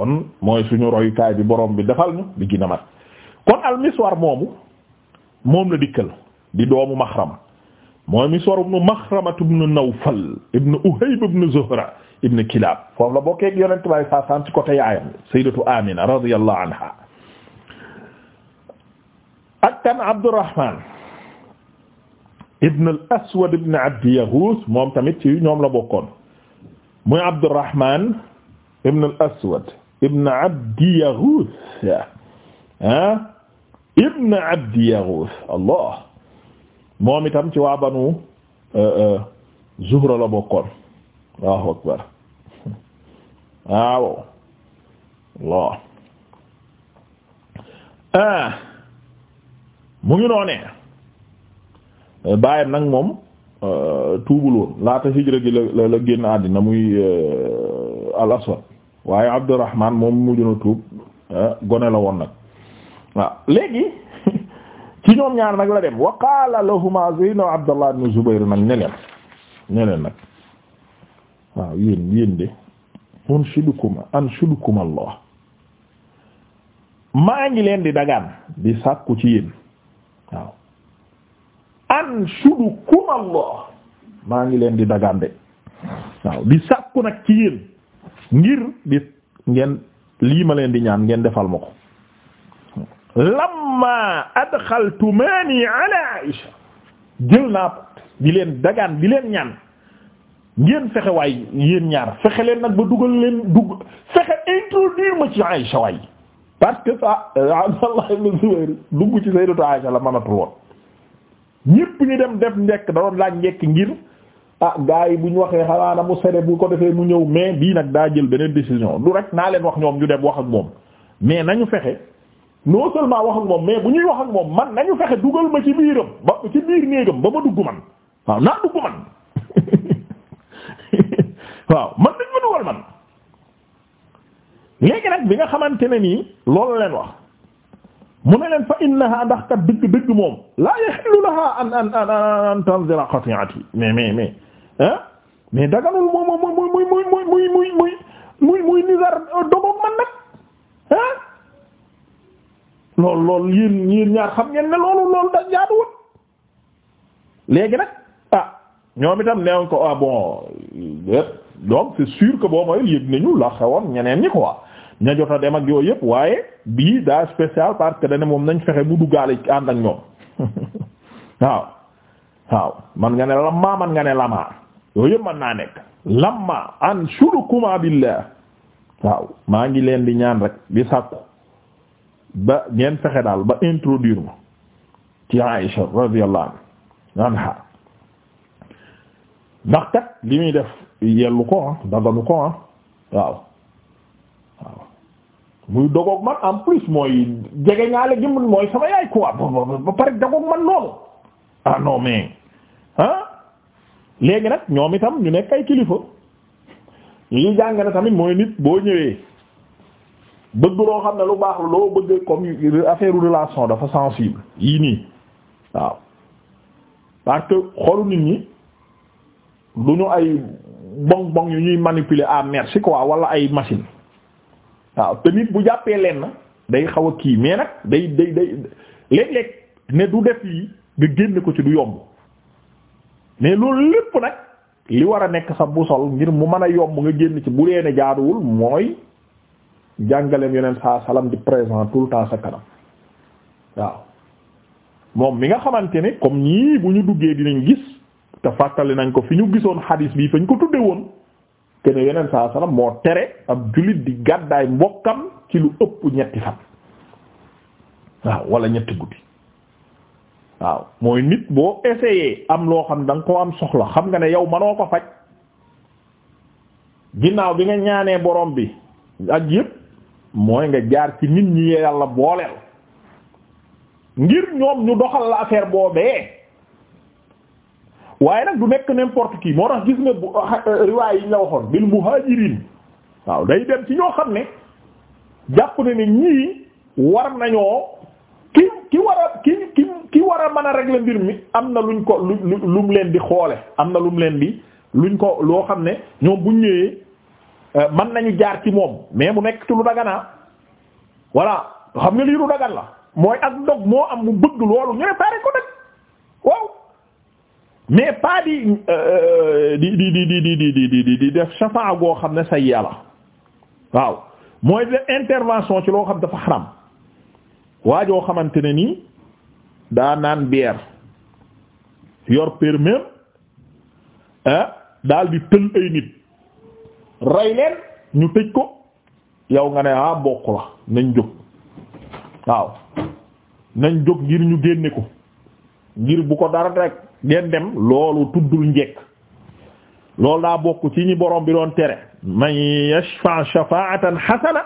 kon mooy suñu royukaay bi borom bi defal ñu di gën kon al miswar moomu moom la dikkal di doomu maxrama mooy miswar ibnu maxrama ibnu nawfal ibnu uhayb ibnu zuhra ibnu kilab foofu la bokkee ak yonent bi saa saam ci côté anha ak tan abdurrahman aswad ibn abd yaghus moom tamit ci ñoom la bokkoon muy abdurrahman ibn aswad ibn Abdi Yaghouth ibn Abdi Yaghouth allah moom itam ci waa banu euh, euh, Zuhra la bokkoon waaw Allah ah. mu ngi noonee baayam nag moom euh, tuubul woon laata hijra gi la la génn àddina muy al aswad waaye Abdurrahman moom mujj na tuub ah, gone la woon nag waaw léegi ci ñoom ñaar nag la dem wa qaala lahuma Zeyno Abdallah ibn Zubayr nag ne leen ne leen nag waaw de anshudukuma anshudukuma Allah maa ngi leen di dagaan di sàkku ci yéen waaw Allah maa ngi leen di dagaan de di sàkku nag ci yéen ngir di ngeen lii ma leen di ñaan ngeen defal ma ko lamma adxaltumani ala Aisha jël naa di leen dagaan di leen ñaan ngeen fexe waay yéen ñaar fexe leen nag ba dugal leen dugg fexe introduire ma ci Aisha waay parce que ça euh, dugg ci sayyidatu Aisha la mënatul woon ñépp ñu dem def njekk da doon laaj njekk ngir ah gars yi bu ñu waxee xalaana mu sere bu ko defee mu ñëw mais bii nag daa jël beneen décision du rek naa leen wax ñoom ñu dem wax ak moom mais nañu fexe non seulement wax ak moom mais bu ñuy wax ak moom man nañu fexe dugal ma ci biiram ba ci biir néegam ba ma dugg man waaw naa dugg man waaw man nañ ma dugal man léegi nag bi nga xamante ne nii loolu leen wax mu ne leen fa innaha ndax kat dëgg dëgg moom laa yahillu laha an an an an tanzira qati'ati mais ah mais daganul moom moom muy muy muy muy muy muy muy muy muy nizar dogoog man nag ah loolu loolu yéen yéen ñaar xam ngeen ne loolu loolu da jaaduwul léegi nag ah ñoom itam neewoon ko ah bon donc c'est sûr que boo mooy yëg nañu la xewoon ñeneen ñi quoi ña jot a dem ak yooyu yëpp waaye bii daa spécial parce que dane moom nañ fexe mu duggaale ànd ak ñoom waaw waaw man nga ne lamaa man nga ne lamaa yooyu yëpp naa nekk lamma anshurukuma billah waaw maa ngi leen di ñaan rek di sàkku ba ngeen fexe daal ba introduire ma ci Aïsha radiyallahu anha ndax kat li muy def yellu ko ah daganu ko ah waaw waaw muy dogoog man en plus mooy jege ñaale gi mooy sama yaay quoi ba pare dogoog man loolu ah non ah léegi nag ñoom itam ñu nekk ay kilifa li jàng na tamit mooy nit boo ñëwee bëgg loo xam ne lu baax loo bëgg comme affaire relation dafa sensible yii nii waaw parce que xolu nit ñi du ñu ay bong bong yu ñuy manipule à merci quoi wala ay machine waaw te nit bu jàppee leen na day xaw a kii mais nag day day day léeg-léeg ne du def yi nga génn ko ci du yomb mais loolu lépp nag li war a nekk sa busol ngir mu man a yomb nga génn ci bu dee ne jaaduwul mooy jàngaleem yeneen saa salam di présent tout le temps sa kanam waaw moom mi nga xamante ne comme ñii bu ñu duggee dinañ gis te fàttali nañ ko fi ñu gisoon xadiis bi fañ ko tuddee woon te yeneen saa salam moo tere ab jullit di gàddaay mbokkam ci lu ëpp ñetti fan waaw wala ñetti guddi waaw mooy nit boo essayé am loo xam da nga koo am soxla xam nga ne yaw manoo ko faj ginnaaw bi nga ñaanee borom bi ak yëpp mooy nga jaar ci nit ñi yàlla booleel ngir ñoom ñu doxal la affaire boobee waaye nag du nekk n'importe qui moo tax gis nga euh, riwaay yi ñu la waxoon bil muhajirin waaw day dem ci ñoo xam ne jàpp ne ne ñii war nañoo ki war a ki ki ki war a mën a régler mbir mi am na luñ ko lu lu mu leen di xoole am na lu mu leen di luñ ko loo xam ne ñoom buñ ñëwee euh, mën nañu jaar ci moom mais mu nekk ci lu daganaa ah. voilà xam nga lii lu dagan la mooy ak dog moo am mu bëgg loolu ñu réparer ko nag waaw mais pas euh, di di di di di di di di di def chafa goo xam ne say yàlla waaw mooy de intervention ci loo xam dafa xaram waajoo xamante ne nii daa naan bière yor permis ah, daal di tël ay nit rey leen ñu tëj ko yow nga ne ah bokk la nañ jóg waaw nañ jóg ngir ñu génne ko ngir bu ko dara rek ngeen dem loolu tuddul njekk loolu daa bokk ci ñi borom bi doon tere man yashfa shafa'atan hasana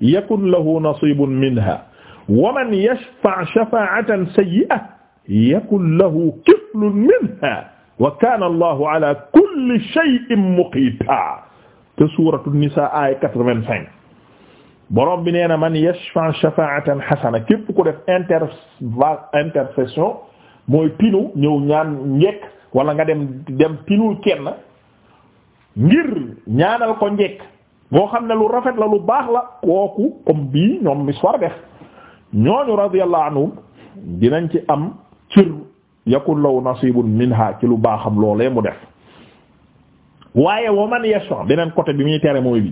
yakun lahu nasibun minha wa man yashfa' shafa'atan sayyi'atan yakun lahu kiflun minha wa kana allahu ala kulli shay'in muqita te suratu nisa aya 85 borom bi nee na man yashfa' shafa'atan hasana képp ku def intercession mooy tinu ñëw ñaan njekk wala nga dem dem tinul kenn ngir ñaanal ko njekk boo xam ne lu rafet la lu baax la kooku comme bii ñoom miswar def ñooñu radiyallahu anhum dinañ ci am cir yakun law nasibun minha ci lu baaxam loolee mu def waaye wa man beneen côté bi muy tere mooy bi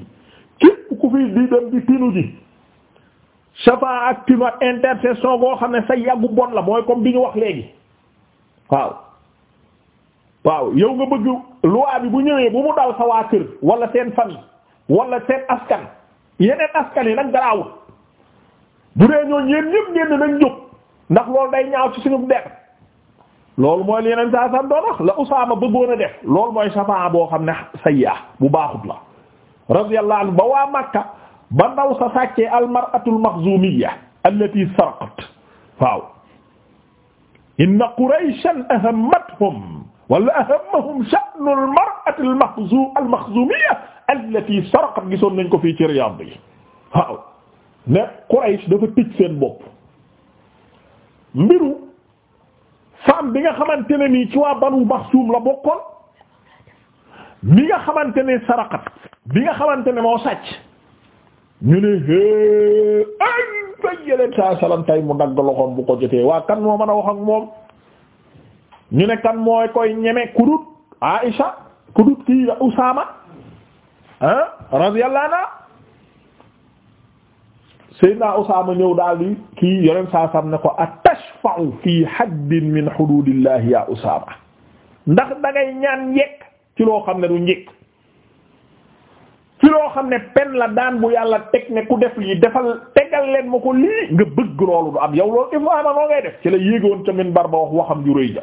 képp ku fi di dem di tinu ji shafa ak tinu ak intercession boo xam ne sa yàggu bon la mooy comme bi ñu wax léegi waaw waaw yow nga bëgg loi bi bu ñëwee bu mu dal sa waa kër wala seen famille wala seen askan yeneen askan yi nag garaawul bu dee ñooñu yéen ñëpp génn nañ jóg ndax loolu day ñaaw ci suñu der loolu mooy li yeneen saa san doon wax la Usaama bëggoon a def loolu mooy safaa boo xam ne sayya bu baaxut la radiyallahu anhu ba waa Makka ba ndaw sa sàccee almaratul maxzumiyya allati sarqat waaw inna qurayshan ahammathum wala ahammahum sha'nu almar'ati almaxzumiyya allati sarqat gisoon nañ ko fii ci Riyaad bi waaw ne Quraysh dafa tëj seen bopp mbiru femme bi nga xamante ne nii ci waa Banu Maxsum la bokkoon li nga xamante ne saraxat bi nga xamante ne moo sàcc ñu ne hee ay ay yeneen saa salaam mu dagg loxoom bu ko jotee waa kan moo mën a wax ak moom ñu ne kan mooy koy ñeme kudut Aisha kudut kii Usaama ah radiyallahu anha Seydina Usaama ñëw daal di kii yonent saa ne ko atashfa'u fii haddin min hududillahi ya Usaama ndax da ñaan njëkk ci loo xam ne du njëkk ci loo xam ne pen la daan bu yàlla teg ne ku def lii defal tegal leen ma ko lii nga bëgg loolu du am yow loolu Usaama noo ngay def ci la yéegoon ca minbar ba wax waxam ju rëy ja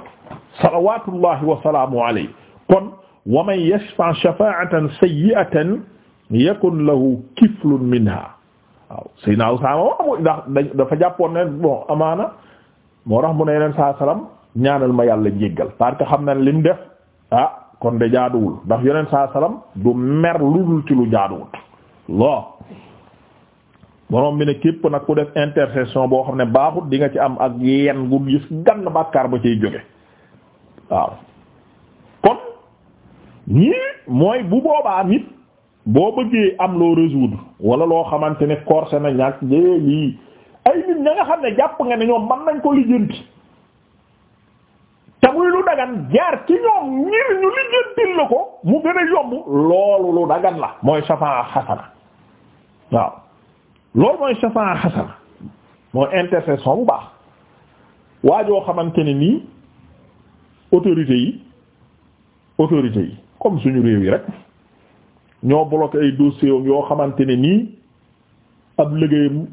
salawaatullahi wa salaamu alayhi kon wa man yashfa' shafa'atan sayyi'atan yakun lahu kiflun minha waaw Seydina Usaama waaw ndax dafa jàppoon ne boo amaana moo tax mu ne yeneen saa salaam ñaanal ma yàlla jéggal parce que xam na ne li def ah kon de jaaduwul ndax yeneen saa salaam du mer lu dul ci lu jaaduwul lool. borom bi ne képp nag ku def intercession boo xam ne baaxut di nga ci am ak yenn gu gis gann bàkkaar ba ciy jóge waaw kon ñii mooy bu boobaa nit boo bëggee am loo résoudre wala loo xamante ne corsé na ñàkk jée lii ay nit ña nga xam ne jàpp nga ne ñoom mën nañ ko lijjanti te muy lu dagan jaar ci ñoom ngir ñu lijjantil la ko mu gën a yomb loolu lu dagan la mooy safaa xasana waaw loolu mooy safaa xasana mooy intercession bu baax waajoo xamante ne nii autorité yi autorité yi comme suñu réew yi rek ñoo bloqué ay dossiers yoo xamante ne nii ab liggéeyam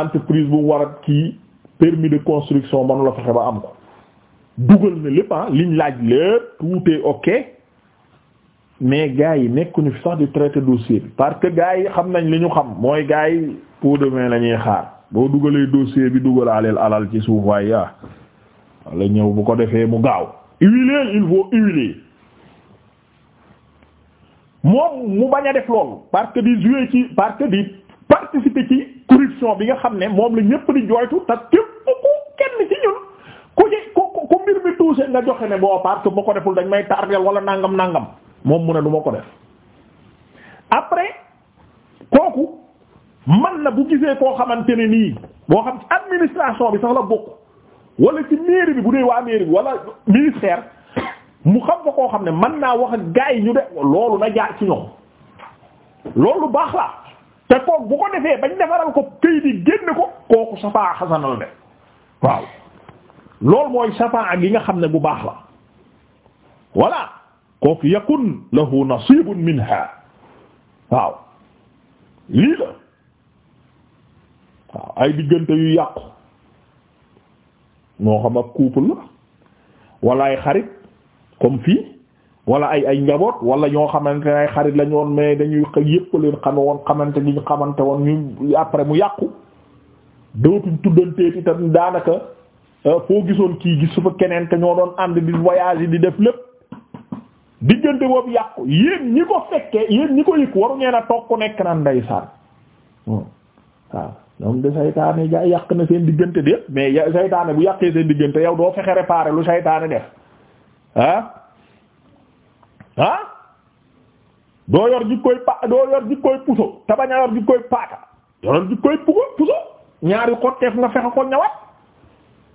entreprise bu war a kii permis de construction manu la fexe ba am ko dugal na lépp ah liñ laaj lépp tout ok mais gars yi nekkuñu fi sax di traiter dossier bi parce que gars yi xam nañ li ñu xam mooy gars yi pour demain la ñuy xaar boo dugalee dossier bi dugalaaleel alal ci suuf waaye ah wala ñëw bu ko defee mu gaaw huiler il faut huiler moom mu bañ a def loolu parce que di jouer ci parce que di participer ci corruption bi nga xam ne moom la ñëpp di jooytu te képp ku kenn ci ñun ku ci ku ku mbir mi touché nga joxe ne boo parce que ma ko deful dañ may tardel wala nangam nangam moom mu ne du ma ko def après kooku man na bu gisee koo xamante ne nii boo xam ci administration bi sax la bokk wala ci mairie bi bu dee waa mairie bi wala ministère mu xam nga koo xam ne mën naa wax ak gars yi ñu de loolu na jaar ci ñoom loolu baax la te kook bu ko defee bañ defaral ko këy di génn ko kooku safaa xasanal de waaw loolu mooy safaa ak yi nga xam ne bu baax la voilà kooku ay diggante yu yàqu moo xam ak couple la wala ay xarit comme fii wala ay ay njaboot wala ñoo xamante ne ay xarit lañu woon mais dañuy yëpp leen xame woon xamante ni ñu xamante woon ñu après mu yàqu dootuñ tuddanteeti tam daanaka euh, foo gisoon kii gis su fa keneen te ñoo doon ànd di voyage di def lépp diggante boobu yàqu yéen ñi ko fekkee yéen ñi ko yëg waru ngeen a toog ku nekk naan ndeysaan hmm. waaw ñoom de saytaane ja yàq na seen diggante de mais saytaane bu yàqee seen diggante yow doo fexe réparer lu saytaane def ah ah doo yor jikkoy pa doo yor jikkoy puso te bañ a yor jikkoy paaka yor jikkoy pugo puso ñaari xotteef nga fexe ko ñawat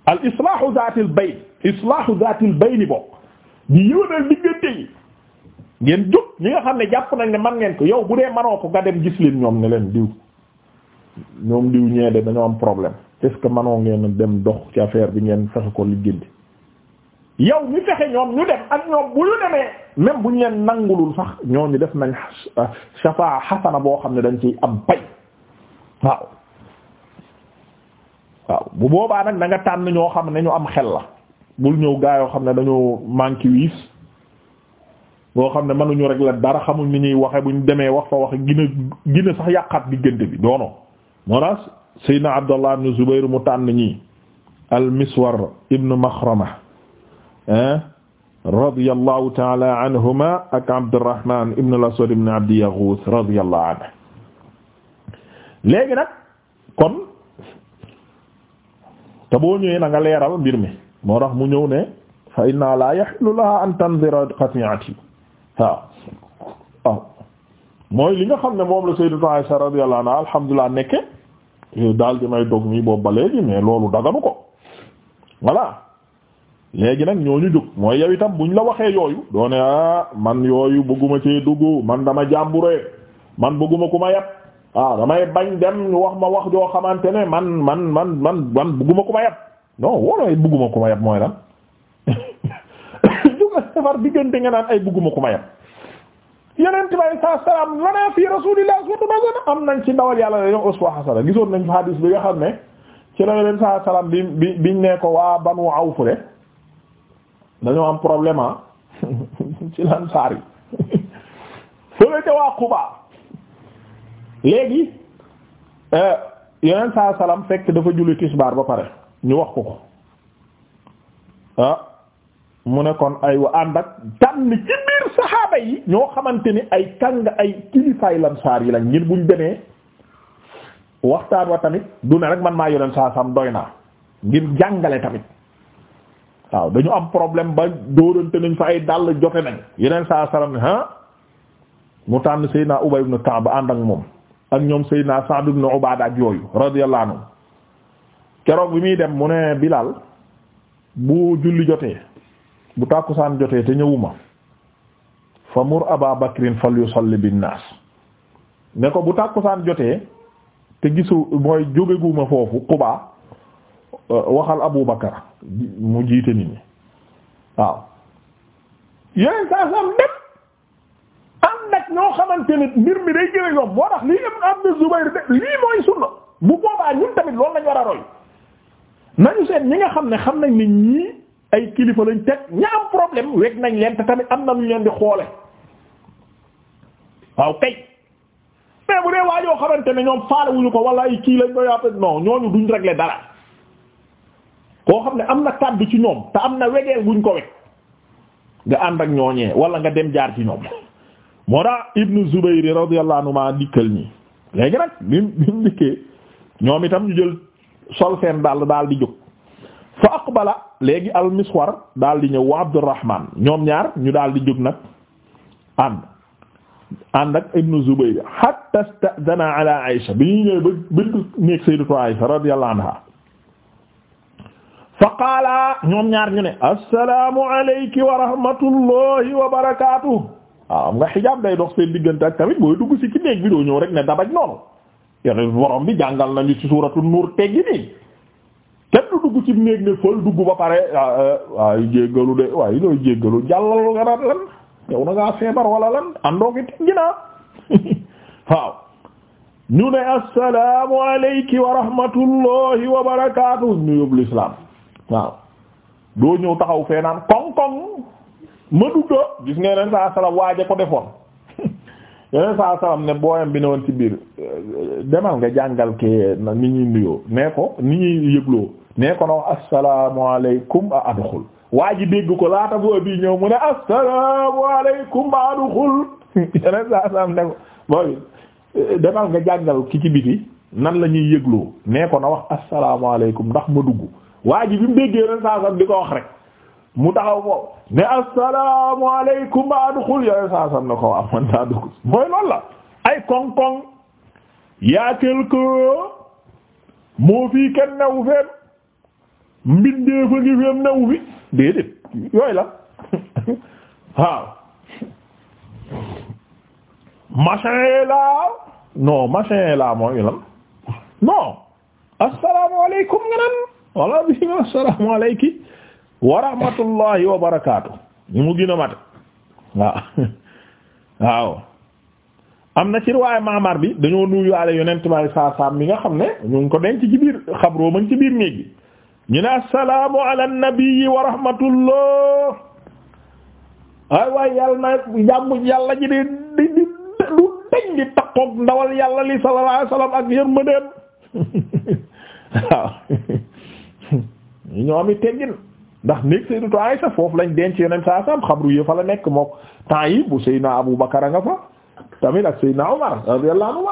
al islaahu zaatil bayn islaahu zaatil bayni bokk di yëwénal diggante yi ngeen jóg ñi nga xam ne jàpp nañ ne man ngeen ko yow bu dee manoo ko nga dem gis leen ñoom ne leen diw ñoom diw ñeede dañoo am problème est-ce que manoo ngeen dem dox ci affaire bi ngeen fexe ko liggéenti yow ñu fexe ñoom ñu dem ak ñoom bu ñu demee même bu ñu leen nangulul sax ñooñu def nañ shafaa xasana boo xam ne dañ ciy am pay waaw bu boobaa nag da nga tànn ñoo xam ne ñu am xel la bul ñëw gaa yoo xam ne dañoo manqué wiis boo xam ne mënuñu rek la dara xamul ni ñuy waxe buñ demee wax fa waxe gina gina sax yàqaat diggante bi doono moo tax Seydina Abdallah ibn Zubayr mu tànn ñi al Miswar ibn Maxrama radiyallahu taala anhuma ak Abdurrahman ibn al-Aswad léegi nag kon boo ñëwee na leeral mbir mi moo tax mu ñëw ne fa inna la yahillu laha an tanzira qati'ati waaw waaw mooy li nga xam ne moom la sayyidatu Aisha radiyallahu anha alhamdulillah nekke daal di may dog mi boobu loolu daganu ko voilà léegi nag ñooñu jóg mooy yow itam bu ñu la waxee yooyu doo ah man yooyu bëgguma cee dugg man dama jàmburee man bëgguma ku ma yab waaw ah, damay bañ dem wax ma wax joo xamante ne man man man man man bëgguma ku ma yab non woola bëgguma ku ma yab mooy lan juga safar diggante nga naan ay bëgguma ku ma yab yeneen bay sa salaam lanaa fii rasuulillah sallallahu alayhi wasallam am nañ ci ndawal yàlla la yow uswa gisoon nañ fa hadis bi nga xam ne ci la leen sa salaam bi bi biñ ne ko waa banu awfule dañoo am problème ah ci lan saar yi fële ca waa Quba léegi yeneen saa salaam fekk dafa julli tisbaar ba pare ñu wax ko ko ah, mu ne kon ay wa ànd ak tànn ci biir saxaaba yi ñoo xamante ni ay kàng ay kilifaay lan yi lañ ngir buñ demee waxtaan wa tamit du ne rek man maa yeneen saa sam doy naa ngir jàngale tamit waaw dañu am problème ba dóorante nañ fa ay dàll jote nañ yeneen saa salaam ne ah mu tànn Seydina na ibn Ka'b ànd ak moom ak ñoom Seydina Sa'd ibn Ubaada ak yooyu radiyallahu keroog bi muy dem mu ne Bilal bu julli jotee bu tàkkusaan jotee te ñëwuma fa mur Aba Bakrin fal yusalli bin naas ne ko bu tàkkusaan jotee te gisu mooy jógeguma foofu Quba Euh, waxal Abu Bakar mu jiite nit ñi waaw yeneen saa saam dem ànd ak ñoo xamante ne mbir mi day gën a yomb moo tax lii Ibn Abd Zubayr lañ war a roy nañu seet ñi nga xam ne xam nañ ne ñii ay kilifa lañ teg ña problème weg nañ leen te tamit am na lu ñu leen di xoole waaw kay mais bu dee waa xamante ne ñoom faale wuñu ko wala ay kii lañ koy yàpp non ñooñu duñ régler dara koo xam ne am na kàddu ci ñoom te am na wegeel guñ ko weg nga ànd ak ñooñee wala nga dem jaar ci ñoom moo daa ibnu Zubayr radiyallahu anhu ma dikkal ñi léegi nag bi mu dikkee ñoom itam ñu jël sol seen daal daal di jóg fa aqbala léegi al miswar daal di ñëw wa Abdurrahman ñoom ñaar ñu daal di jóg nag ànd ànd ak ibnu Zubayr hatta sta'dana ala Aisha bi ñu ñëw ba bëgg néeg sayyidatu Aisha radiyallahu anha faqaala ñoom ñaar ñu ne assalaamu alayki wa rahmatullahi wa barakaatu waaw am nga xijaab day dox seen diggante ak tamit booy dugg ci ci néeg bi doo ñëw rek ne dabaj noonu yone ci suuratu nuur dugg ci néeg ne dugg ba pare ah, ah, waaye jéggalu de waaye looy wala lan àndoo ki teggi naa waaw assalaamu alayki wa rahmatullahi ñu yóbbu l'islam waaw doo ñëw taxaw fee naan koŋ-koŋ ma dugga gis nga yeneen saa salaam waaja ko defoon yeneen saa salaam ne booyam bi ne woon ci biir euh, demal nga jàngal kee ni ñuy nuyoo ko ni ñuy yëgloo nee ko na wax assalaamu alaykum a ko laata boo bii ñëw mu ne assalaamu alaykum a adxul euh, nga jàngal ki ci nan la ñuy yëgloo nee ko na wax assalaamu alaykum ndax ma dugg waa ji bi mu déggee ren saa sam di ko wax rek mu taxaw foofu ne assalaamu alaykum ba adxul yooyu saa sam ne ko waaw man naa dugg mooy loolu la ay koŋ-koŋ yaa quelque moo fii kenn newu feem mbindee fa ngi feem newu fi déedéet yooyu la waaw machin laa non machin laa mooy lan non assalaamu alaykum nga nan wala bi ma assalaamu alayki wa rahmatullahi ñu mu gën a mat waaw waaw am na ci riwaayu maamar bi dañoo nuyuwaale yonent may saa saam mi nga xam ne ñu ngi ko denc ci biir xabroo ma ngi ci biir néeg bi ñu ne assalaamu ala nabiyyi wa ay waay yàlla na jàmm yàlla ji di di di du dañ di takkook ndawal yàlla li sallallahu ak yërmandeem waaw ñu ñoo ami teggin ndax néeg Sayyidatu Aisha foofu lañ denc yonent saa saam xabru yi fa la nekk mook temps yi bu Seydina Abu Bakar a nga fa tamit ak Seydina Umar radiyallahu anhu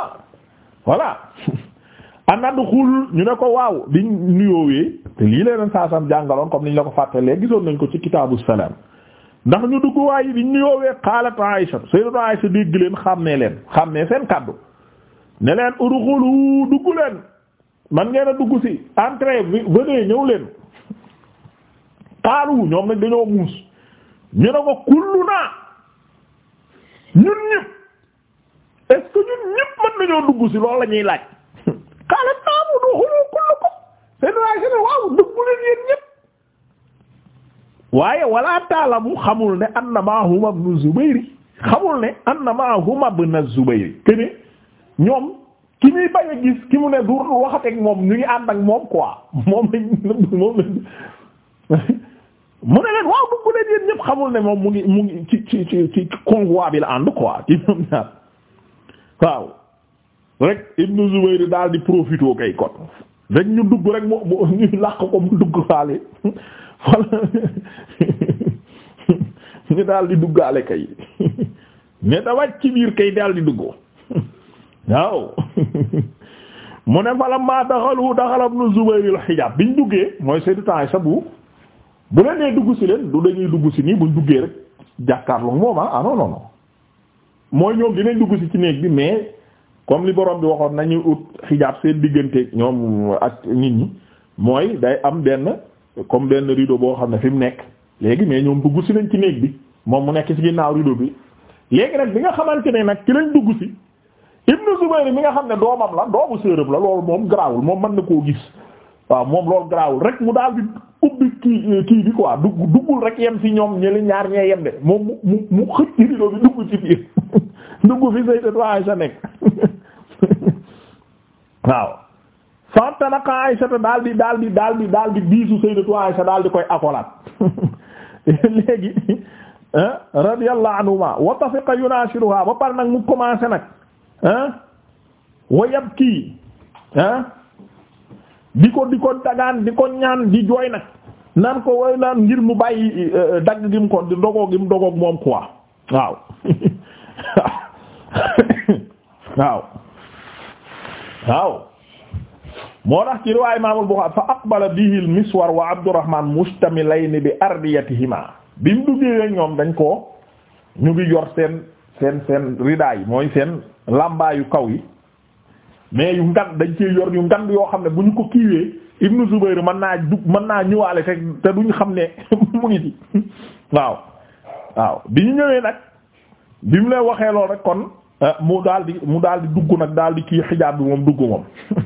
voilà anadxul ñu ne ko waaw biñ nuyoowee te lii la yonent saa saam jàngaloon comme niñ la ko gisoon nañ ko ci kitaabu salaam ndax ñu dugg waaye biñ nuyoowee qaalat Aisha Sayyidatu Aisha dégg leen xàmmee leen xàmmee seen kàddu ne leen udxulu dugg leen man ngeen a dugg si entrée venez ñëw leen xaalu ñoom nag dañoo muus ñu ne ko kullu naa ñun ñëpp est ñun ñëpp mën nañoo dugg ci loolu la laaj xaalat naamu do xuloo kullu ko seen waaye se ne waaw dugg leen yéen ñëpp waaye wala taalamu xamul ne anna maahuma ibn Zubayri xamul ne anna maahuma ibn Zubayri te ñoom ki ñuy bañ a gis ki mu ne du waxateeg moom ñu ngi ànd ak moom quoi mu ne leen waaw dugg leen yéen xamul ne moom mu ngi mu ngi ci ci ci ci convoi bi la ànd quoi ci ñoom ñaar waaw rek Ibnu Zubayr daal di profité kay kon rek dugg rek mu ñu làq mu dugg xaale wala ñu daal kay ci biir daal di dugg waaw mu ne fala maa daxalu daxala Ibnu Zubayr al-hijab biñ duggee mooy Sayyidatu sa bu bu leen dugg si leen du dañuy dugg si nii buñ duggee rek jàkkaarloo moom ah, ah non non non mooy ñoom dinañ dugg si ci néeg bi mais comme li borom bi waxoon nañu ut xijaab seen diggante ñoom ak nit ñi mooy day am benn comme benn rido boo xam ne fi mu nekk léegi mais ñoom dugg si nañ ci néeg bi moom mu nekk ci ginnaaw rido bi léegi nag bi nga xamante ne nag ci lañ dugg si Ibnu Zubayr mi nga xam ne doomam la doomu séeréer la loolu moom garaawul moom man na koo gis waaw moom loolu garaawul rek mu daal ubbi kii kii bi quoi dugg duggul rek yem ci ñoom ñeli ñaar ñee yem de moom mu mu xëcc rido bi dugg ci biir dugg fi Sayyidatu Aisha nekk waaw fantanaqa Aisha te daal di daal di daal di daal di biisu Sayyidatu daal di koy akolaat léegi radiyallahu anhuma wa tafiqa yunashiruha ba par nag mu commencé nag ah wa yabki ah di ko di ko dagaan di ko ñaan di jooy nag naan ko way naan ngir mu bàyyi euh, dagg gi mu ko di dogoo gi mu dogoog moom quoi waaw waaw moo tax ci riwaaya Imaamul Buxaari fa aqbala bihi al-Miswar wa Abdurrahmaan mustamilayni bi ardiyatihima bi mu duggee ñoom dañ ko ñu ngi yor seen seen seen ridaay mooy seen làmbaayu kaw yi mais yu ngan dañ cee yor yu ngan yoo xam ne bu ñu ko kiiwee Ibnu Zubayr mën naa dug mën naa ñëwaale te te duñ xam ne mu ngi ci waaw waaw bi ñu ñëwee nag bi mu lay waxee lool rek kon ah, mu daal di mu daal di dugg nag daal di kii xijaab bi moom dugg moom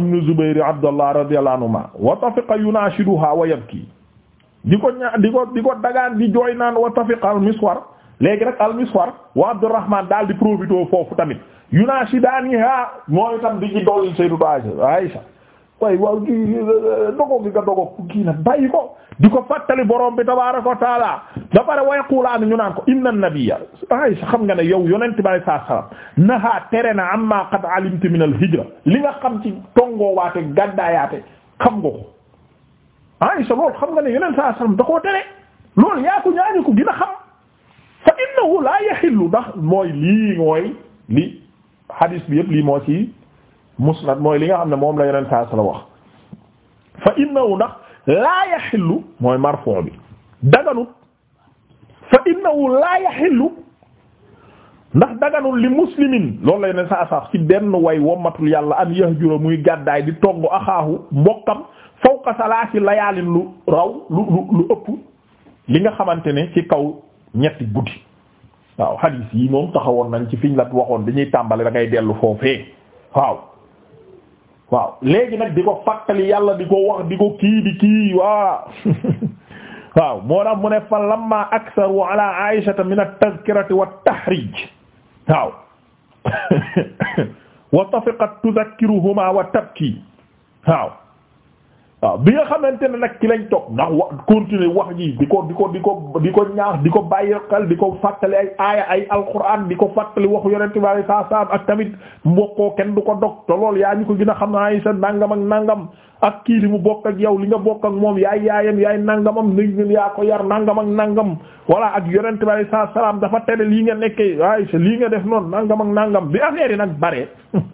Ibnu Zubayr Abdallah radiyallahu anhuma wa tafiqa yunashiduha wa yabki di ko ña di ko di ko dagaan di jooy naan wa tafiqa al miswar léegi rek al miswar wa Abdurrahman daal di profité foofu tamit yunaashidaaniha mooy tam di ci dolli Sayyidatu Aysa waaye waaw kii dogo gi nga dogo kii nag bàyyi ko di ko fàttali borom bi tabaaraka wa taala da pare way qulaan ñu ko inna nabiyya xam nga ne yow yonent bi alayhi salaam naha tere na amma qad alimti min al hijra li nga xam ci tongoo waate gàddaayaate xam nga ko Aysa loolu xam nga ne yonent saa salaam da tere loolu yaa ko ñaañu ko gën xam fa innahu laa yaxillu ndax mooy lii mooy lii xadis bi yëpp lii moo ci musnad mooy li nga xam ne moom la yeneen saa la wax fa innahu ndax laa yaxillu mooy marfon bi daganut fa innahu laa yaxillu ndax daganul li muslimin loolu la yeneen saa sax ci benn way wommatul yàlla an yahjura muy gàddaay di togg axaahu mbokkam fawqa salaasi layaalin lu raw lu lu ëpp li nga xamante ne ci kaw ñetti guddi waaw hadis yi moom taxawoon nañ ci fiñ la waxoon dañuy tàmbali da ngay dellu foofee waaw waaw nag di ko fàttali yàlla di ko wax di ko kii di kii waa waaw moo tax mu ne fa lamma aksaru ala aishata min at-tazkirati wat-tahrij waaw wa tafiqat wa tabki waaw bi nga xamante ne nag ki lañ toog ndax wa continuer wax ji di ko di ko di ko di ko ñaax di ko bàyyi xel di ko fàttali ay aaya ay alquran di ko fàttali waxu yonente bi alei saa salaam ak tamit mbokkoo kenn du ko dog te yaa ñu ko gën a xam naa sa nangam ak nangam ak kii li mu bokk ak yow li nga bokk ak moom yaay yaayam yaay nangamam ni ñun yaa ko yar nangam ak nangam voilà ak yonente bi alei saa salaam dafa tere lii nga nekkee waaye sa lii nga def noonu nangam ak nangam bi affaire nag bare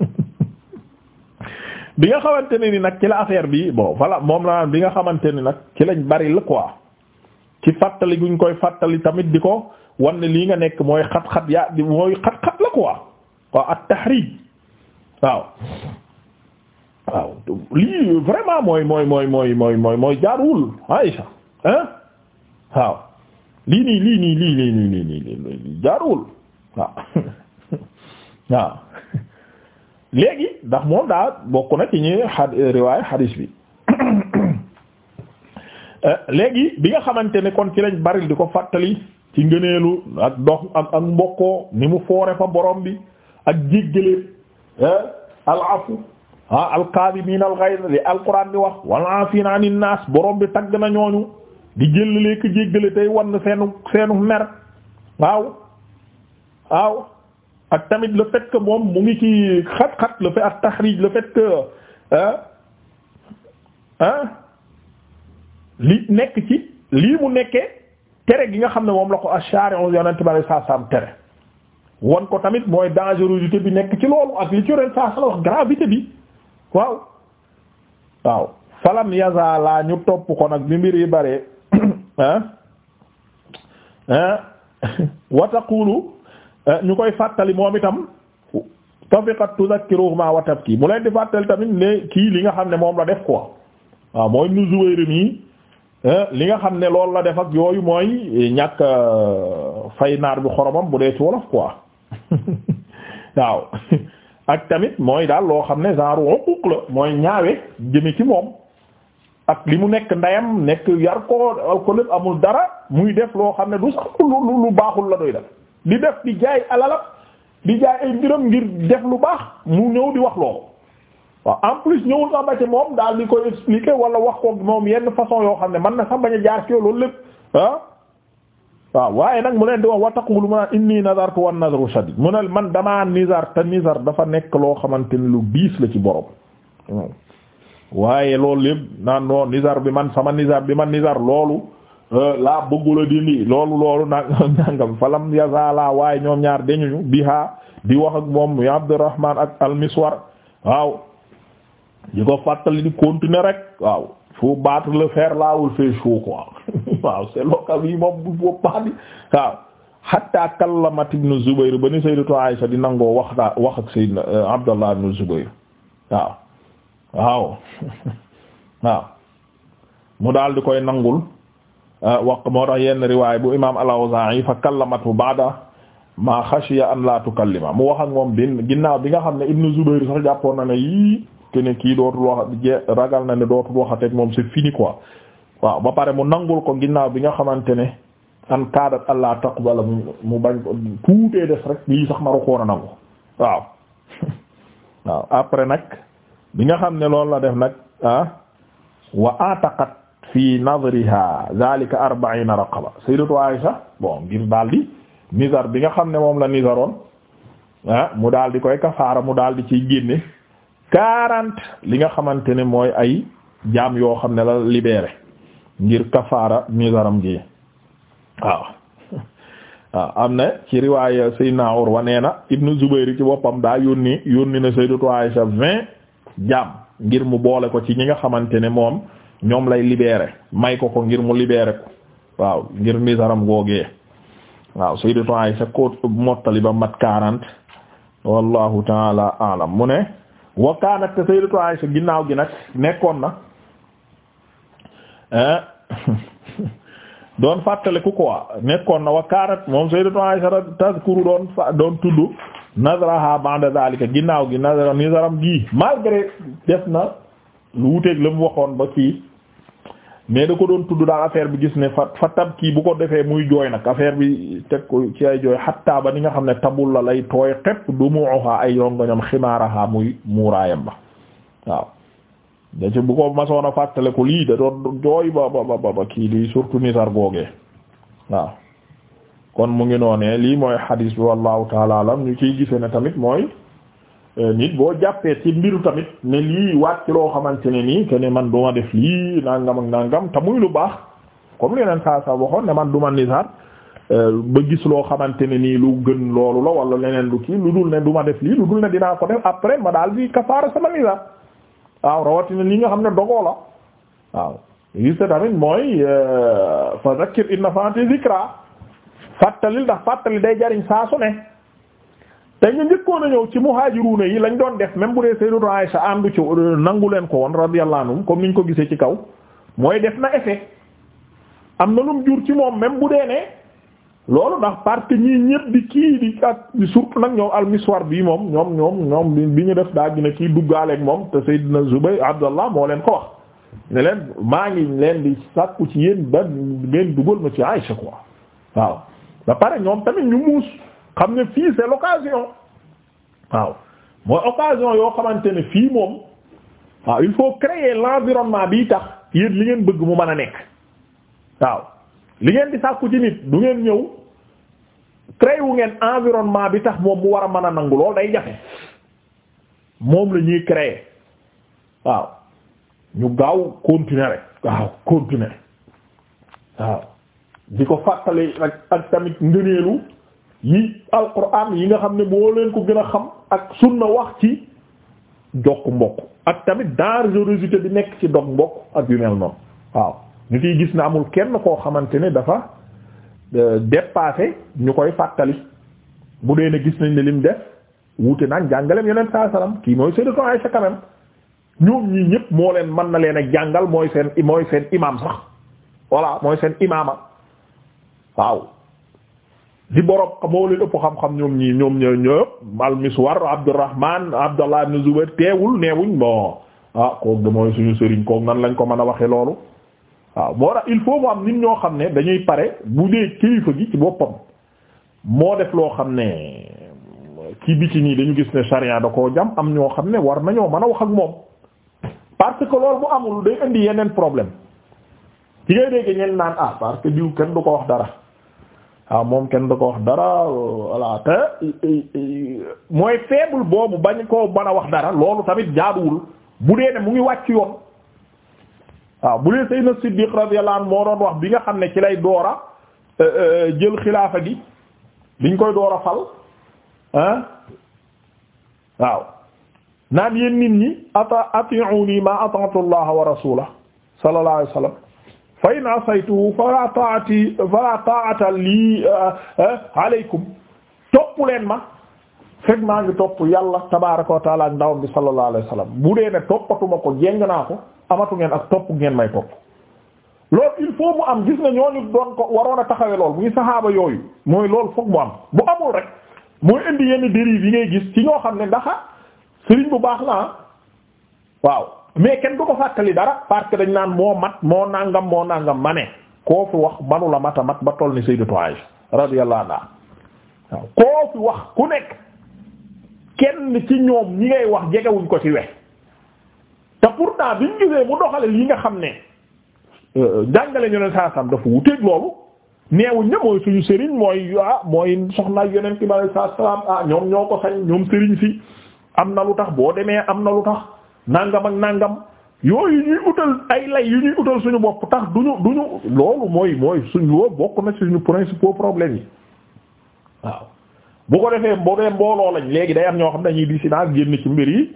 bi nga xamante ne ni nag ci la affaire bi bon voilà moom la bi nga xamante ni nag ci lañ bari la quoi ci fàttali guñ koy fàttali tamit di ko wan lii nga nekk mooy xat-xat yaa mooy xat-xat la quoi waaw ak tahrij waaw waaw lii vraiment mooy mooy mooy mooy mooy mooy mooy jaaruwul Aïcha hein waaw lii nii lii nii lii nii nii nii nii jaaruwul waaw waaw léegi ndax moom daa bokk na ci ñi riwaay xadiis bi euh, léegi bi nga xamante ne kon ci lañ baril di ko fàttali ci ngëneelu ak dox ak ak mbokkoo ni mu foore fa borom bi ak jéggalee euh, al afu ah alkaadimiina al ghayz di wax wal aafina anin borom bi tagg na ñooñu di jëllalee ko jéggale tey wann seenu seenu mer waaw waaw ak tamit le fait que moom mu ngi ci xat-xat le fait ak taxrij le fait que li nekk ci lii mu nekkee tere gi nga xam ne moom la ko ashari on yonent bari saa ko tamit mooy dangerosité bi nekk ci loolu ak li ci yoreen saa sa la wax gravité bi waaw waaw falam yazala ñu topp ko nag bi mbir yi bare Euh, ñu koy fàttali moom itam tafiqat tuzakkiruhuma wa kii mu leen di fàttali tamit ne kii li nga xam ne moom la def koo waaw mooy nu Zubayr mi euh, li nga xam ne loolu la def ak yooyu mooy ñàkk euh, fay naar bi xoromam bu dee ci wolof quoi waaw ak tamit mooy daal loo xam ne genre xuquq la mooy ñaawe jëme ci moom ak li mu nekk ndeyam nekk yar ko ko amul dara muy def loo xam ne du sax lu lu baaxul la doy def di def di jaay alalab di jaay ay mbiram ngir def lu baax mu ñëw di wax loolu waaw en plus ñëwul sax ba ci moom daal di koy expliquer wala wax ko moom yenn façon yoo xam ne man na sax bañ a jaar ci loolu lépp ah. waaw waaye nag mu leen di wax wa taqulu mu naan inni nazartu wan nazru shadid mu ne man damaa nizar te nizar dafa nekk loo xamante ni lu biis la ci borom waaye loolu lépp naan non nizar bi man sama nizar bi man nizar loolu Euh, laa bëggula dindi loolu loolu nangam falam yazala waaye ñoom ñaar dañuñu biha di wax ak moom Abdurrahman ak al waaw di ko fàttali di continuer rek waaw faut battre le fer là où il waaw c'est local yi moom bu boobu baati waaw hatta kallamat ibn Zubayr ba ni Sayyidatu Aisha di nangoo waxtaa wax ak Sayyidna euh, Abdallah ibn Zubayr waaw waaw waaw mu daal di koy nangul Euh, waq moo tax yenn riwaay bu imam al-Awzaa'i fa kallamatu ba'da ma xashiya an la tukallima mu wax ak moom bin ginnaaw bi nga xam ne Ibn Zubayr sax jàppoon na ne yii kii dootul wax ragal na ne dootul waxateeg moom c'est fini quoi waaw ba pare mu nangul ko ginnaaw bi nga xamante ne an kaadat allah taqbala mu bañ ko tuutee def rek lii sax naru koon a nangu waaw après nag bi nga xam ne loolu la def nag ah, wa ataqat fi nadriha zalika arbaina raqaba sayyidatu Aisha bon ngir daal di nizar bi nga xam ne moom la nizaroon ah mu daal di koy kafaara mu daal di ci génne quarante li nga xamante ne mooy ay jaam yoo xam ne la libéré ngir kafaara nizaram gi waaw waaw am na ci riwaaya Seydina Urwa nee na Ibnu Zubayr ci boppam daa yónni yónni na sayyidatu Aisha vingt jaam ngir mu boole ko ci ñi nga xamante ne moom ñoom lay libérer may ko ko ngir mu libérer ko waaw ngir nisaram googee waaw sayyidatu ko mottali ba mat quarante wallahu taala alam mu ne wa te sayyidatu ginnaaw gi nag nekkoon na doon fàttale ku quoi nekkoon na wa kaanat moom sayyidatu Aisha tazkuru doon doon tudd nazraha ba'da zalika ginnaaw gi nazra nisaram gi malgré def na lu wuteeg la mu waxoon ba kii mais da ko doon tudd daal affaire bi gis ne fa fa tab kii bu ko defee muy jooy nag affaire bi teg ko ci ay jooy xatta ba ni nga xam ne tabul la lay tooy xepp du mu oxaa ay rongoñam ximaaraxaa muy muraayam ba waaw da ci bu ko masoon a fàttale ko lii da doon jooy ba ba ba kii lii surtout nisar googee waaw kon mu ngi noonee lii mooy xadiis bi wallahu taala ñu ciy gise ne tamit mooy Euh, nit boo jàppee ci mbiru tamit ne lii waat loo xamante ne nii te man duma def lii nangam ak nangam te lu baax comme leneen saa saa waxoon ne man duma nisaar euh, ba gis loo xamante ne nii lu gën loolu la wala leneen lu kii lu dul ne duma def lii lu dul ne dinaa ko def après ma daal di kafaara sama nisaar waaw rawatina li nga xam ne dogoo la waaw giste tamit mooy euh, fa zakkir inna fa'ati zikra fàttalil ndax fàttali day jariñ saa ne te ñu njëkkoon a ñëw ci muhaajiruuna yi lañ doon def même bu dee Sayyidatu Aisha àndu ci euh, nangu leen ko woon radiyallahu anhum comme niñ ko gisee ci kaw mooy def na effet am na lu mu jur ci moom même bu dee ne loolu ndax parce que ñii di kii di ak surtout nag ñoom almiswar bii moom ñoom ñoom ñoom bi ñu def daa gina kii duggaaleeg moom te Seydina Zubayr Abdallah moo leen ko wax ne leen maa ngi leen di sàkku ci yéen ba ngeen dugal ma ci Aïcha quoi waaw ba pare xam ne fii c'est l'occasion waaw mooy occasion yoo xamante ne fii moom waaw il faut créer l'environnement bi tax yéen li ngeen bëgg mu mën a nekk waaw li ngeen di sàkku ci nit du ngeen ñëw créer wu ngeen environnement bi tax moom mu war a mën a nangu lool day jafe moom la ñuy créer waaw ñu gaaw continuer rek waaw di ko fàttali ak tamit ngëneelu yi alquran yi nga xam ne moo leen ko gën a xam ak sunna wax ci jokk mbokk ak tamit dangerosité bi nekk ci dog mbokk ak yu mel noonu waaw ñu ciy gis ne amul kenn koo xamante ni dafa euh, dépassé ñu koy fàttali bu dee ne gis nañ ne lim def wuute nag jàngaleem yeneen saa salaam kii mooy Sayyidatu Aisha quand même ñoom ñii ñëpp moo leen man na leen a jàngal mooy seen mooy seen imaam sax voilà mooy seen imaama waaw. di borom moo leen ëpp xam-xam ñoom ñi ñoom ñoo ñëpp al-Miswar Abdurrahman Abdallah ibn Zubayr teewul neewuñ bon ah kook da suñu sëriñ kook nan lañ ko mën a waxe loolu waaw moo tax il faut mu am nit ñoo xam ne dañuy pare bu dee kilifa gi ci boppam moo def loo xam ne kii bi ci nii dañu gis ne charia da koo jam am ñoo xam ne war nañoo mën a wax ak moom parce que loolu bu amul day indi yeneen problème ci ngay dégg ñeen naan ah parce que diw kenn du ko wax dara waaw ah, moom kenn da ko wax dara voilà te mooy faible boobu ba koo mën a wax dara loolu tamit jaaduwul bu dee ne mu ngi wàcc yoon waaw ah, bu dee Seydina Siddiq radiyallahu anhu moo doon wax bi nga xam ne ci lay doora euh, euh, jël xilaafa gi biñ koy door a fal ah waaw naan yéen nit ñi ata ati'uni ma ata'tu Allah wa rasulahu sallallahu alayhi wasallam fa naa asaytuhu falaa taati falaa taata lii eh, eh, aleykum topp leen ma fekk maa ngi topp yàlla tabaaraka wa taala ak ndawam bi bu dee ne toppatuma ko jéng naa ko amatu ngeen ak topp ngeen may topp loolu il faut mu am gis na ñooñu doon ko waroon a taxawee lool muy saxaaba yooyu mooy loolu foog mu am bu amul rek mooy indi yenn dérive yi ngay gis ci ñoo xam ne ndax sëriñ bu baax la ah. waaw mais kenn du ko fàttali dara parce que dañ naan moo mat moo nangam moo nangam ma ne koo fi wax manu la mat a mat ba toll ni Sayyidatu Aisha radiyallahu anha waaw koo fi wax ku nekk kenn ci ñoom ñi ngay wax jegewuñ ko ci we te pourtant biñ gisee mu doxale li nga xam ne euh, euh, jàngale ñoneen saa sam dafa wuteeg loolu neewuñ ne mooy suñu sëriñ mooy ah mooy soxna yonent bi sallallahu ñoom ñoo ko sañ ñoom sëriñ fi am na lu tax boo demee am na lu tax nangam ak nangam yooyu ñuy utal ay lay yu ñuy utal suñu bopp tax duñu duñu loolu mooy mooy suñu woo bokk na suñu principaux problèmes yi waaw bu ko defee boo dee mbooloo lañ léegi day am ñoo xam ne dañuy dissidence génn ci mbir yi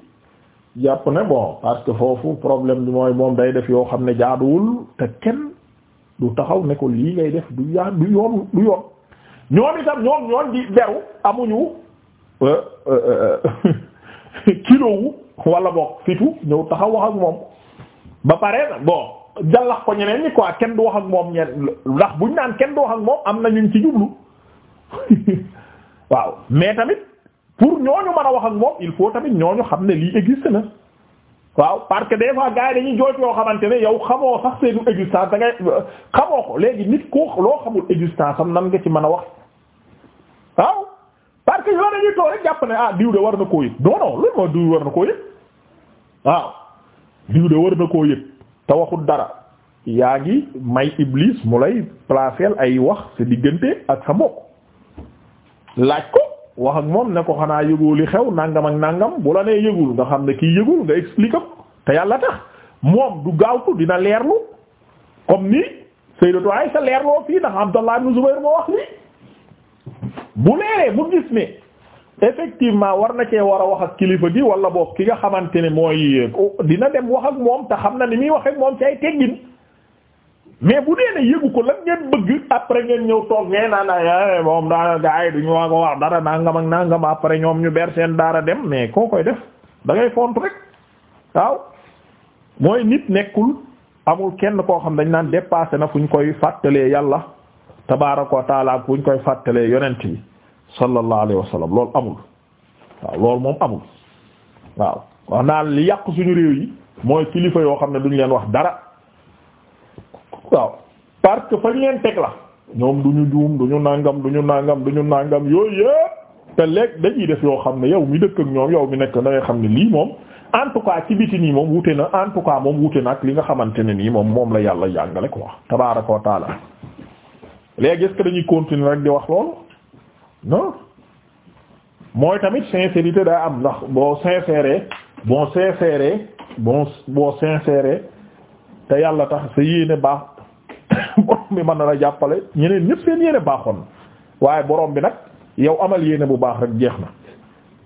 jàpp ne bon parce que foofu problème bi mooy moom day def yoo xam ne jaaduwul te kenn du taxaw ne ko lii ngay def du yaa du yoon du yoon ñoom itam ñoom ñoon di beru amuñu euh, euh, euh, kilo wu wala boog fitu ñëw taxaw wax ak moom ba pare bon jàllax ko ñeneen ñi quoi kenn du wax ak moom lax bu buñ naan kenn du wax ak moom am na ñu ci jublu waaw mais tamit pour ñooñu mën a wax ak moom il faut tamit ñoo ñooñu xam ne lii existe na waaw parce que des fois gars yi dañuy jooytu yoo xamante ne yow xamoo sax seenu existence da ngay xamoo ko léegi nit ko loo xamul existence am nan nga ci mën a wax waaw parce que yow dañuy toog rek jàpp ah diw de war na koo yëg non non moo diw war na koo yëg de war na koo yëg te waxul dara yaa ngi may iblis mu lay placer ay wax sa diggante ak sa mbokk laaj ko wax ak moom ne ko xanaa yëgul li xew nangam ak nangam bu la nee yëgul nga xam ne kii yëgul nga expliquer ko te yàlla tax moom du gaawtu dina leerlu comme ni Sayyidatu Aisha leerloo fii ndax Abdallah ibn Zubayr moo wax lii bu leeree mu gis ne effectivement war na cee war a wax ak kilifa gi wala boog ki nga xamante ne mooy dina dem wax ak moom te xam na ni muy wax ak moom ci ay teggin mais bu dee ne yëgu ko lan ngeen bëgg après ngeen ñëw toog ngeen naan eh, ay du ñu waa ko wax dara nangam ak nangam après ñoom ñu ber seen daara dem mais koo koy def da ngay font rek waaw mooy nit nekkul amul kenn koo xam dañ naan dépassé na fu ñu koy fàttalee yàlla. tabaaraka wa taala buñ koy fàttalee yonent bi sallallahu alayhi wa sallam loolu amul waaw loolu moom amul waaw wax naa li yàq suñu réew yi mooy kilifa yoo xam ne duñ leen wax dara waaw parce que fañ leen teg la ñoom duñu juum duñu nàngam duñu nàngam duñu nàngam yooyu yëpp te léeg dañuy def yoo xam ne yow mi dëkk ak ñoom yow mi nekk da ngay xam ne lii moom en tout cas ci biti nii moom wute na en tout cas moom wute na ak li nga xamante ne nii moom moom la yàlla jàngale quoi tabaaraka wa léegi est dañuy continuer rek di wax loolu non mooy tamit sincérité daa am ndax boo sincère boo sincère bon boo sincère te yàlla tax sa yéene baax borom bi mën na la jàppale ñeneen ñëpp seen yéene baaxoon waaye borom bi nag yow amal yéene bu baax rek jeex na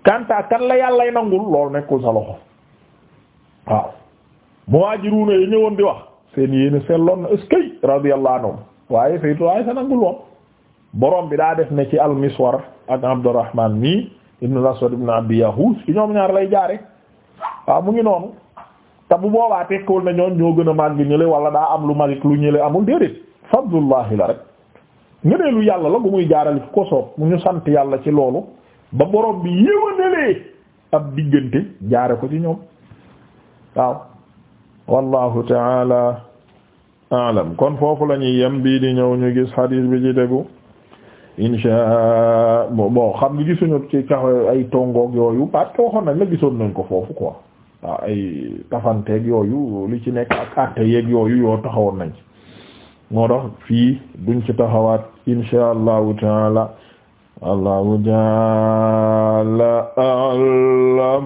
kanta kan la yàllay nangul loolu nekkul sa loxo waaw muhaajiruuna yi ñëwoon di wax seen yéene seetloon na est-ce que radiyallahu waaye Seydou Aysa nangul woon borom bi daa def na ci al-Miswar ak Abdurrahman mi ibn al ibn Abi Yahus ci ñoom ñaar lay jaare waaw mu ngi noonu te bu boobaa tekkiwul na ñoon ñoo gën a màgg ñële wala daa am lu malik lu ñële amul déedéet fadlullahi la rek ngëneelu yàlla la bu muy jaarale ko soob mu ñu sant yàlla ci loolu ba borom bi yéwénalee ab diggante jaare ko ci ñoom waaw wallahu ta'ala alam kon foofu la yem bii di ñëw ñu gis hadith bi ci déggu insha bon xam nga gisuñu ci ca ay tongoog yooyu parce que waxoon nañ la gisoon nañ ko foofu quoi ay tafanteeg yooyu li ci nekk ak àtte yeeg yooyu yoo taxawoon nañ moo tax fii duñ ci taxawaat insha allahu taala allahu taala alam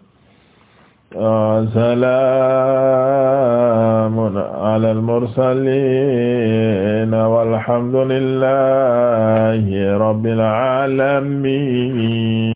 salaamun ala al-mursaliin walhamdu lillaahi rabbil aalamiin